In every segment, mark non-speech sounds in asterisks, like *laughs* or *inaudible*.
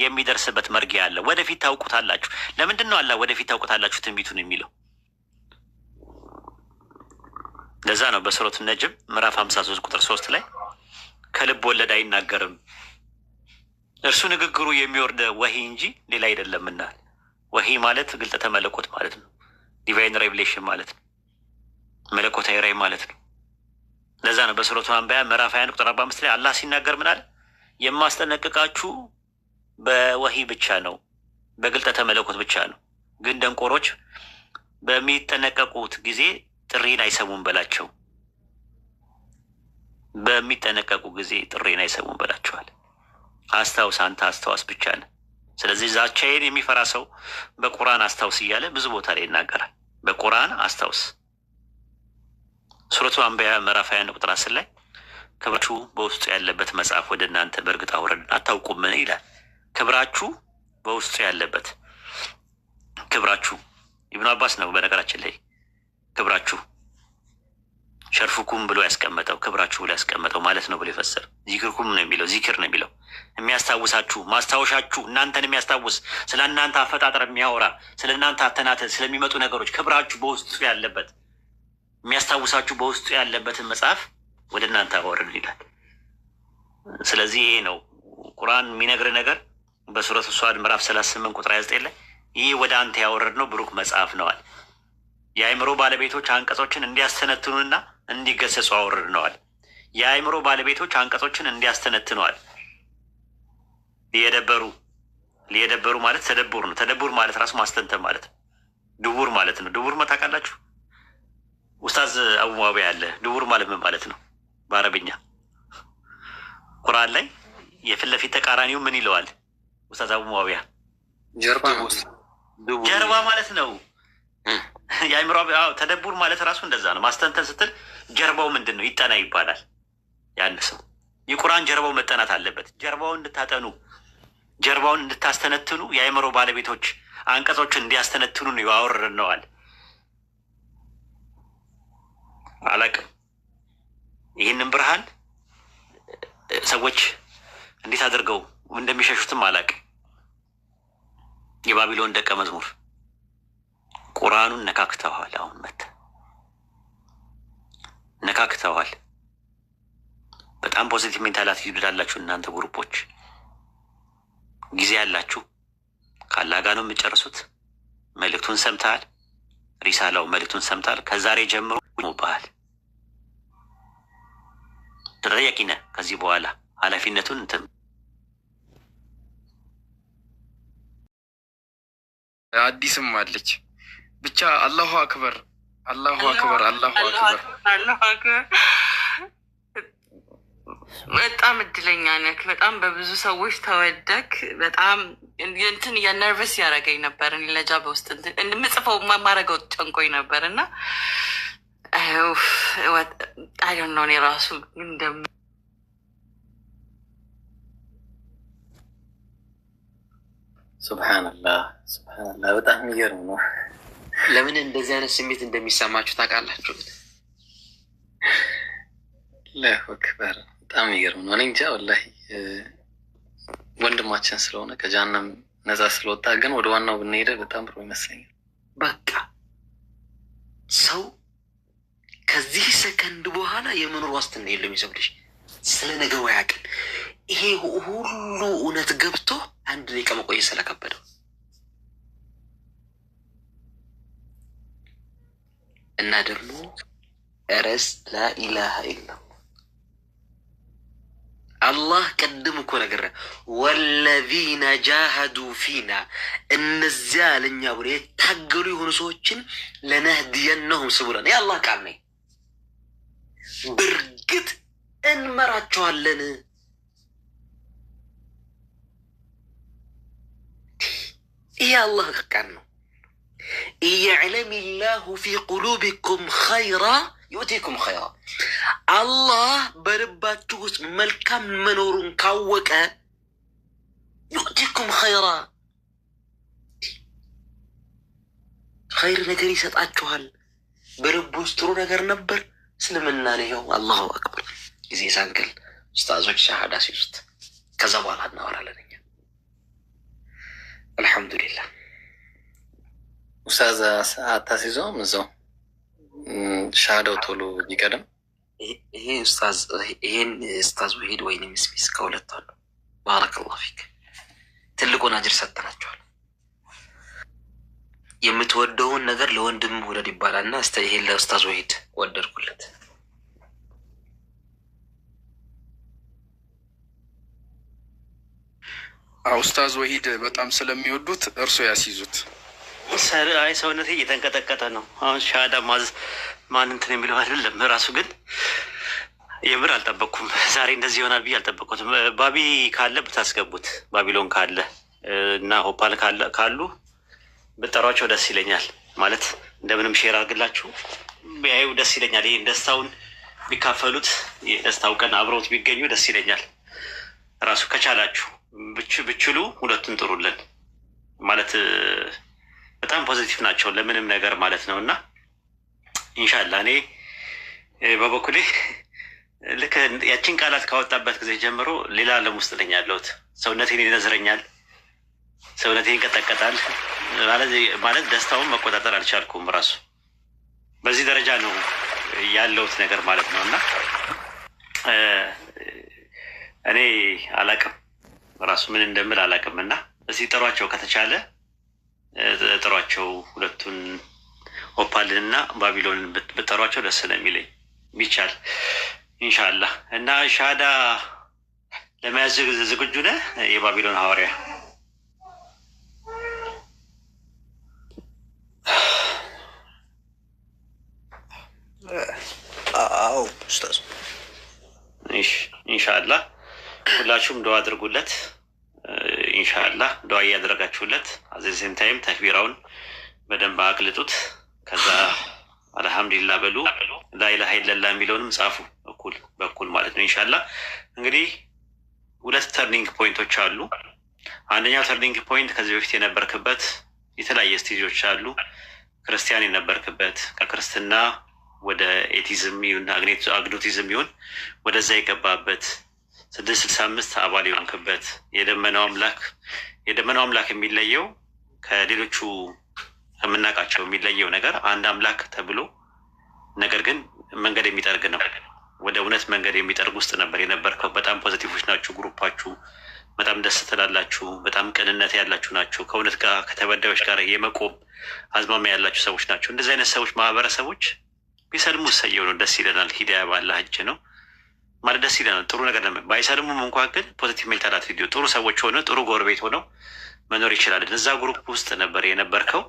የሚደርስበት መርጊያ አለ። ወደፊት ታውቁታላችሁ። ለምንድን ነው አላ ወደፊት ታውቁታላችሁ ትንቢቱን የሚለው? ለዛ ነው በሱረቱ ነጅም ምዕራፍ ሀምሳ ሶስት ቁጥር ሶስት ላይ ከልብ ወለድ አይናገርም እርሱ ንግግሩ የሚወርደ ወሂ እንጂ ሌላ አይደለምና። ወሂ ማለት ግልጠተ መለኮት ማለት ነው። ዲቫይን ሬቪሌሽን ማለት ነው። መለኮታዊ ራይ ማለት ነው። ለዛ ነው በሱረቱ አንበያ ምዕራፍ ሀያ አንድ ቁጥር አርባ አምስት ላይ አላህ ሲናገር ምናል የማስጠነቅቃችሁ በወሂ ብቻ ነው፣ በግልጠተ መለኮት ብቻ ነው። ግን ደንቆሮች በሚጠነቀቁት ጊዜ ጥሪን አይሰሙም በላቸው። በሚጠነቀቁ ጊዜ ጥሪን አይሰሙም በላቸዋል። አስታውስ፣ አንተ አስታዋስ ብቻ ነህ። ስለዚህ ዛቻዬን የሚፈራ ሰው በቁርአን አስታውስ እያለ ብዙ ቦታ ላይ ይናገራል። በቁርአን አስታውስ። ሱረቱ አንበያ ምዕራፍ ሀያ አንድ ቁጥር አስር ላይ ክብራችሁ በውስጡ ያለበት መጽሐፍ ወደ እናንተ በእርግጥ አውረድን አታውቁምን ይላል። ክብራችሁ በውስጡ ያለበት ክብራችሁ ኢብኑ አባስ ነው። በነገራችን ላይ ክብራችሁ ሸርፉኩም ብሎ ያስቀመጠው ክብራችሁ ብሎ ያስቀመጠው ማለት ነው ብሎ ይፈሰር ዚክርኩም ነው የሚለው ዚክር ነው የሚለው የሚያስታውሳችሁ፣ ማስታወሻችሁ፣ እናንተን የሚያስታውስ ስለ እናንተ አፈጣጠር የሚያወራ ስለ እናንተ አተናተ ስለሚመጡ ነገሮች ክብራችሁ በውስጡ ያለበት የሚያስታውሳችሁ በውስጡ ያለበትን መጽሐፍ ወደ እናንተ አወርድ ይላል። ስለዚህ ይሄ ነው ቁርአን የሚነግር ነገር በሱረት ሷድ ምዕራፍ ሰላሳ ስምንት ቁጥር ሀያ ዘጠኝ ላይ ይህ ወደ አንተ ያወረድነው ብሩክ መጽሐፍ ነዋል። የአእምሮ ባለቤቶች አንቀጾችን እንዲያስተነትኑና እንዲገሰጹ አወርድነዋል። የአእምሮ ባለቤቶች አንቀጾችን እንዲያስተነትነዋል። ሊየደበሩ ሊየደበሩ ማለት ተደቡር ነው። ተደቡር ማለት ራሱ ማስተንተን ማለት ነው። ድቡር ማለት ነው። ድቡር ታውቃላችሁ? ኡስታዝ አቡማቢ ያለ ድቡር ማለት ምን ማለት ነው? በአረብኛ ቁርአን ላይ የፊት ለፊት ተቃራኒው ምን ይለዋል? ውስታዝ አቡ ሙአዊያ ጀርባ ማለት ነው። የአይምሮ ተደቡር ማለት ራሱ እንደዛ ነው። ማስተንተን ስትል ጀርባው ምንድን ነው ይጠና ይባላል። ያን ሰው የቁርአን ጀርባው መጠናት አለበት። ጀርባውን እንድታጠኑ ጀርባውን እንድታስተነትኑ የአይምሮ ባለቤቶች አንቀጾች እንዲያስተነትኑ ነው ያወርነዋል። አላቅም ይህንን ብርሃን ሰዎች እንዴት አድርገው እንደሚሸሹትም አላቅም። የባቢሎን ደቀ መዝሙር ቁርአኑን ነካክተዋል። አሁን መተ ነካክተዋል። በጣም ፖዚቲቭ ሜንታል አቲቲዩድ ላላችሁ እናንተ ግሩፖች ጊዜ ያላችሁ ካላጋ ነው የምጨርሱት። መልእክቱን ሰምተሃል፣ ሪሳላው መልእክቱን ሰምተሃል። ከዛሬ ጀምሮ ይሞባሃል፣ ተጠያቂ ነህ። ከዚህ በኋላ ኃላፊነቱን እንትን አዲስም አለች። ብቻ አላሁ አክበር፣ አላሁ አክበር፣ አላሁ አክበር፣ አላሁ አክበር። በጣም እድለኛ ነክ። በጣም በብዙ ሰዎች ተወደክ። በጣም እንትን ነርቨስ ያደረገኝ ነበር። ለጃ በውስጥ እንድምጽፈው ማማረገው ጨንቆኝ ነበር እና አይ ዶንት ኖ እኔ ራሱ እንደም ሱብሃነላህ ሱብሃነላህ፣ በጣም የሚገርም ነው። ለምን እንደዚህ አይነት ስሜት እንደሚሰማችሁ ታውቃላችሁ? አላሁ አክበር፣ በጣም የሚገርም ነው። እኔ እንጃ ወላሂ፣ ወንድማችን ስለሆነ ከጃናም ነጻ ስለወጣ ግን ወደ ዋናው ብንሄደ በጣም ጥሩ ይመስለኛል። በቃ ሰው ከዚህ ሰከንድ በኋላ የመኖር ዋስትና የለውም። የሰው ልጅ ስለ ነገ አያውቅም። ይሄ ሁሉ እውነት ገብቶ አንድ ደቂቃ መቆየት ስለከበደው እና ደግሞ ረስ ላኢላሃ ኢላ አላህ ቅድም እኮ ነገር ወለዚነ ጃሃዱ ፊና እነዚያ ለእኛ ብሎ የታገሉ የሆኑ ሰዎችን ለነህድየነሁም ስቡለን የአላህ ቃል ነኝ፣ በእርግጥ እንመራቸዋለን። ይህ አላህ ቀን ነው። እየዕለም ላሁ ፊ ቁሉቢኩም ኸይራ ዩእቲኩም ኸይራ አላህ በልባችሁ ውስጥ መልካም መኖሩን ካወቀ ዩእቲኩም ኸይራ ኸይር ነገር ይሰጣችኋል። በልቡ ውስጥ ጥሩ ነገር ነበር። እስልምና ይኸው አላሁ አክበር ጊዜ ሳንክል ኡስታዞች ሻሃዳ ሲውስጥ ከዛ በኋላ እናወራለን። አልሐምዱሊላህ ኡስታዝ አታሲዞም እዛው ሻሃዳው ቶሎ ቢቀደም ይሄ ኡስታዝ ይሄን ኡስታዝ ውሂድ ወይ ሚስሚስ ከሁለት አሉ። ባረከላሁ ፊክ ትልቁን አጅር ሰጥተናቸዋል። የምትወደውን ነገር ለወንድም ውደድ ይባላልና እስተ ይሄን ለኡስታዝ ውሂድ ወደድኩለት። ኡስታዝ ወሂድ በጣም ስለሚወዱት እርሶ ያስይዙት። አይ ሰውነቴ እየተንቀጠቀጠ ነው። አሁን ሻዳ ማዝ ማንንትን የሚለው አይደለም እራሱ ግን የምር አልጠበቅኩም። ዛሬ እንደዚህ ይሆናል ብዬ አልጠበቅኩትም። ባቢ ካለ ብታስገቡት፣ ባቢሎን ካለ እና ሆፓል ካሉ ብጠሯቸው ደስ ይለኛል። ማለት እንደምንም ሼር አድርግላችሁ ቢያዩ ደስ ይለኛል። ይህን ደስታውን ቢካፈሉት፣ የደስታው ቀን አብረውት ቢገኙ ደስ ይለኛል። ራሱ ከቻላችሁ ብችሉ ሁለቱን ጥሩልን ማለት በጣም ፖዚቲቭ ናቸው ለምንም ነገር ማለት ነው። እና እንሻላ እኔ በበኩሌ ልክ ያችን ቃላት ካወጣበት ጊዜ ጀምሮ ሌላ ዓለም ውስጥ ነኝ ያለሁት። ሰውነቴን ይነዝረኛል፣ ሰውነቴን ይንቀጠቀጣል። ማለት ደስታውን መቆጣጠር አልቻልኩም። ራሱ በዚህ ደረጃ ነው ያለሁት ነገር ማለት ነው እና እኔ አላቅም ራሱ ምን እንደምል አላውቅምና እዚህ ጥሯቸው ከተቻለ ጥሯቸው ሁለቱን ኦፓልን እና ባቢሎንን ብጠሯቸው ደስ ስለሚለኝ ቢቻል ኢንሻላህ እና ሻዳ ለመያዝ ዝግጁ ነ የባቢሎን ሐዋርያ ኢንሻላህ ሁላችሁም ደዋ አድርጉለት። እንሻላ ደዋ እያደረጋችሁለት አዘዜም ታይም ተክቢራውን በደንብ አቅልጡት። ከዛ አልሐምዱሊላህ በሉ። ላኢላሀ ኢለላህ የሚለውንም ጻፉ እኩል በኩል ማለት ነው። እንሻላ እንግዲህ ሁለት ተርኒንግ ፖይንቶች አሉ። አንደኛው ተርኒንግ ፖይንት ከዚህ በፊት የነበርክበት የተለያየ ስቴጆች አሉ። ክርስቲያን የነበርክበት ከክርስትና ወደ ኤቲዝም ይሁን አግኖቲዝም ይሁን ወደዛ የገባበት ስድስት ስልሳ አምስት አባል የሆንክበት የደመናው አምላክ የደመናው አምላክ የሚለየው ከሌሎቹ ከምናውቃቸው የሚለየው ነገር አንድ አምላክ ተብሎ ነገር ግን መንገድ የሚጠርግ ነው። ወደ እውነት መንገድ የሚጠርግ ውስጥ ነበር የነበርከው። በጣም ፖዘቲቮች ናችሁ ግሩፓችሁ። በጣም ደስ ትላላችሁ። በጣም ቅንነት ያላችሁ ናችሁ። ከእውነት ጋር ከተበዳዮች ጋር የመቆም አዝማሚያ ያላችሁ ሰዎች ናቸው። እንደዚህ አይነት ሰዎች ማህበረሰቦች ቢሰልሙ ሰየው ነው። ደስ ይለናል። ሂዳያ ባለ ህጅ ነው። ማለት ደስ ይለናል። ጥሩ ነገር ባይሰልሙም እንኳ ግን ፖዚቲቭ ሜልት አላት ቪዲዮ ጥሩ ሰዎች ሆነ ጥሩ ጎረቤት ሆነው መኖር ይችላል። እዛ ግሩፕ ውስጥ ነበር የነበርከው።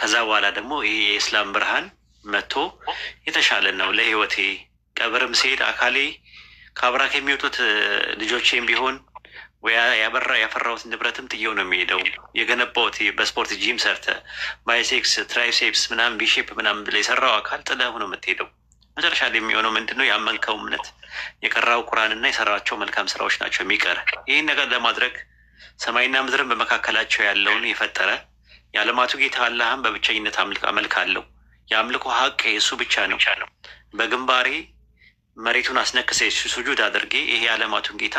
ከዛ በኋላ ደግሞ ይሄ የእስላም ብርሃን መጥቶ የተሻለ ነው ለህይወቴ ቀብርም ሲሄድ አካሌ ከአብራክ የሚወጡት ልጆቼም ቢሆን ያበራ ያፈራሁት ንብረትም ጥየው ነው የሚሄደው። የገነባሁት በስፖርት ጂም ሰርተ ባይሴክስ ትራይሴፕስ ምናምን ቢሼፕ ምናምን ብለህ የሰራው አካል ጥለህ ነው የምትሄደው። መጨረሻ ላይ የሚሆነው ምንድን ነው? እምነት፣ የቀራው ቁርአንና የሰራቸው መልካም ስራዎች ናቸው የሚቀር። ይህን ነገር ለማድረግ ሰማይና ምድርን በመካከላቸው ያለውን የፈጠረ የዓለማቱ ጌታ አላህን በብቸኝነት አመልካለሁ። የአምልኮ ሀቅ የእሱ ብቻ ነው። በግንባሬ መሬቱን አስነክሰ ሱጁድ አድርጌ ይሄ የዓለማቱን ጌታ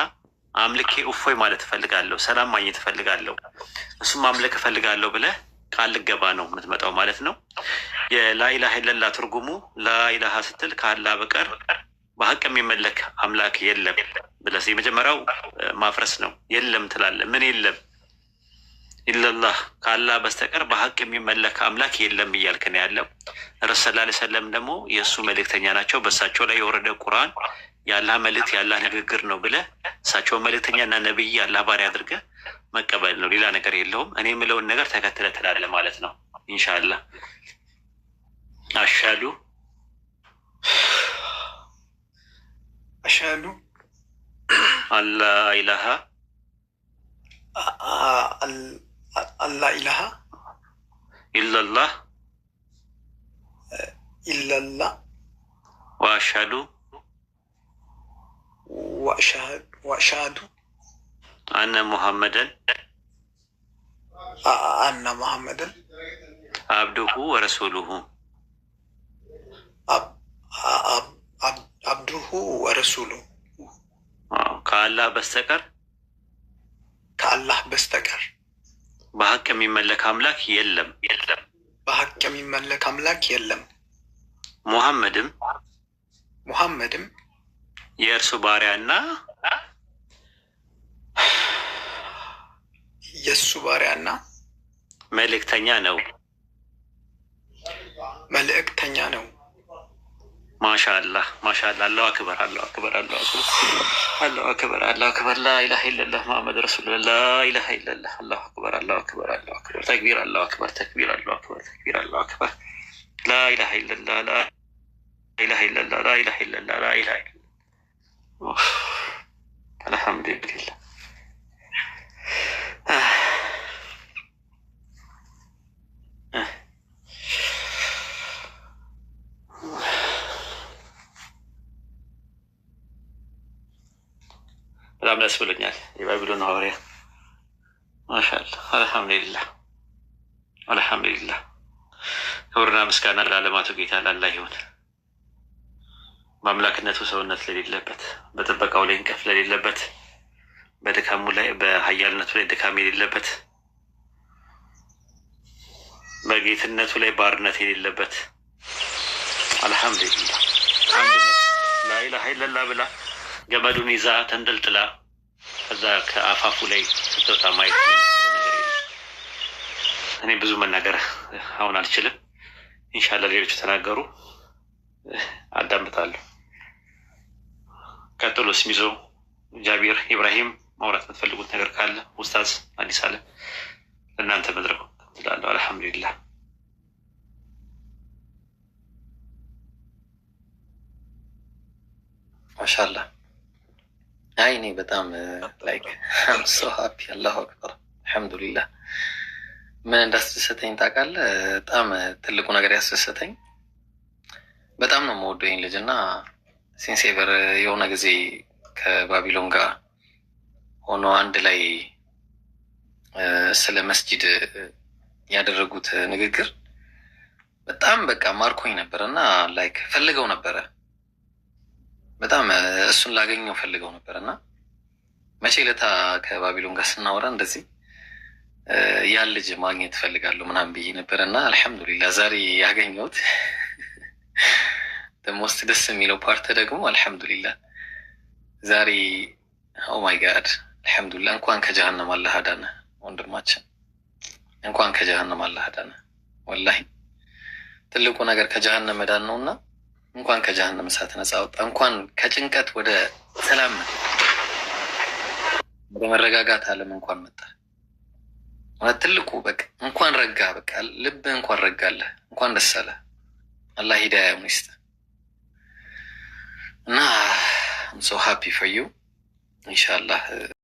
አምልኬ እፎይ ማለት እፈልጋለሁ፣ ሰላም ማግኘት እፈልጋለሁ፣ እሱም አምልክ እፈልጋለሁ ብለህ ቃል ልገባ ነው የምትመጣው ማለት ነው። የላኢላህ ኢለላህ ትርጉሙ ላኢላሀ ስትል ከአላ በቀር በሀቅ የሚመለክ አምላክ የለም ብለህ የመጀመሪያው ማፍረስ ነው። የለም ትላለህ። ምን የለም? ኢለላህ ከአላ በስተቀር በሀቅ የሚመለክ አምላክ የለም እያልክ ነው ያለው። ረሱል ላ ሰለም ደግሞ የእሱ መልእክተኛ ናቸው። በእሳቸው ላይ የወረደ ቁርአን የአላህ መልእክት የአላህ ንግግር ነው ብለህ እሳቸው መልእክተኛ እና ነቢይ የአላህ ባሪያ አድርገህ መቀበል ነው። ሌላ ነገር የለውም። እኔ የምለውን ነገር ተከትለ ትላለህ ማለት ነው። ኢንሻላህ أشهد أشهد أن لا إله آه، أن لا إله إلا الله إلا الله وأشهد وأشهد وأشهد أن محمدا آه، أن محمدا عبده ورسوله አብዱሁ ወረሱሉ ከአላህ በስተቀር ከአላህ በስተቀር በሀቅ የሚመለክ አምላክ የለም የለም በሀቅ የሚመለክ አምላክ የለም። ሙሐመድም ሙሐመድም የእርሱ ባሪያና የእሱ ባሪያና መልእክተኛ ነው መልእክተኛ ነው። ማሻላ ማሻላ አላሁ አክበር አላሁ አክበር አላሁ አክበር አላሁ አክበር አላሁ አክበር ላኢላሀ ኢለላህ መሐመድ ረሱሉላህ ላኢላሀ ኢለላህ አላሁ አክበር አላሁ አክበር አላሁ አክበር ተክቢር አላሁ አክበር ተክቢር አላሁ አክበር ተክቢር አላሁ አክበር ላኢላሀ ኢለላህ ላኢላሀ ኢለላህ ላኢላሀ ኢለላህ ላኢላሀ ኢለላህ አልሐምዱሊላህ ደስ ብሎኛል። የባቢሎን ሐዋርያ ማሻአላ። አልሐምዱሊላ አልሐምዱሊላ። ክብርና ምስጋና ለዓለማቱ ጌታ ላላ ይሁን። በአምላክነቱ ሰውነት ለሌለበት፣ በጥበቃው ላይ እንቅልፍ ለሌለበት፣ በድካሙ ላይ በሀያልነቱ ላይ ድካም የሌለበት፣ በጌትነቱ ላይ ባርነት የሌለበት አልሐምዱሊላ ላኢላሀ ኢለላህ ብላ ገመዱን ይዛ ተንጠልጥላ ከዛ ከአፋፉ ላይ ስትወጣ ማየት እኔ ብዙ መናገር አሁን አልችልም። እንሻላ ሌሎች ተናገሩ አዳምጣለሁ። ቀጥሎ ስሚዞ ጃቢር ኢብራሂም ማውራት የምትፈልጉት ነገር ካለ ኡስታዝ አዲስ አለ ለእናንተ መድረኩ ትላለሁ። አልሐምዱሊላህ ማሻላ አይ እኔ በጣም ላይክ አም ሶ ሀፒ አላሁ አክበር አልሐምዱሊላህ። ምን እንዳስደሰተኝ ታውቃለህ? በጣም uh, ትልቁ ነገር ያስደሰተኝ በጣም ነው የምወደው ይህን ልጅ እና ሲንሴቨር የሆነ ጊዜ ከባቢሎን ጋር ሆኖ አንድ ላይ uh, ስለ መስጂድ ያደረጉት ንግግር በጣም በቃ ማርኮኝ ነበር እና ላይክ ፈልገው ነበረ በጣም እሱን ላገኘው ፈልገው ነበር እና መቼ ለታ ከባቢሎን ጋር ስናወራ እንደዚህ ያን ልጅ ማግኘት ፈልጋለሁ ምናምን ብዬ ነበር እና አልሐምዱሊላ ዛሬ ያገኘሁት። *laughs* ደሞስት ደስ የሚለው ፓርት ደግሞ አልሐምዱሊላ ዛሬ ኦ ማይ ጋድ አልሐምዱሊላ እንኳን ከጀሃነም አላህ አዳነ ወንድማችን፣ እንኳን ከጀሃነም አላህ አዳነ። ወላሂ ትልቁ ነገር ከጀሃነም መዳን ነውና እንኳን ከጀሃነም እሳት ነጻ ወጣ፣ እንኳን ከጭንቀት ወደ ሰላም ወደ መረጋጋት አለም እንኳን መጣ። እውነት ትልቁ በቃ እንኳን ረጋ፣ በቃ ልብ እንኳን ረጋለህ፣ እንኳን ደስ አለህ። አላህ ሂዳያውን ይስጥ እና ሶ ሃፒ ፎር ዩ ኢንሻላህ።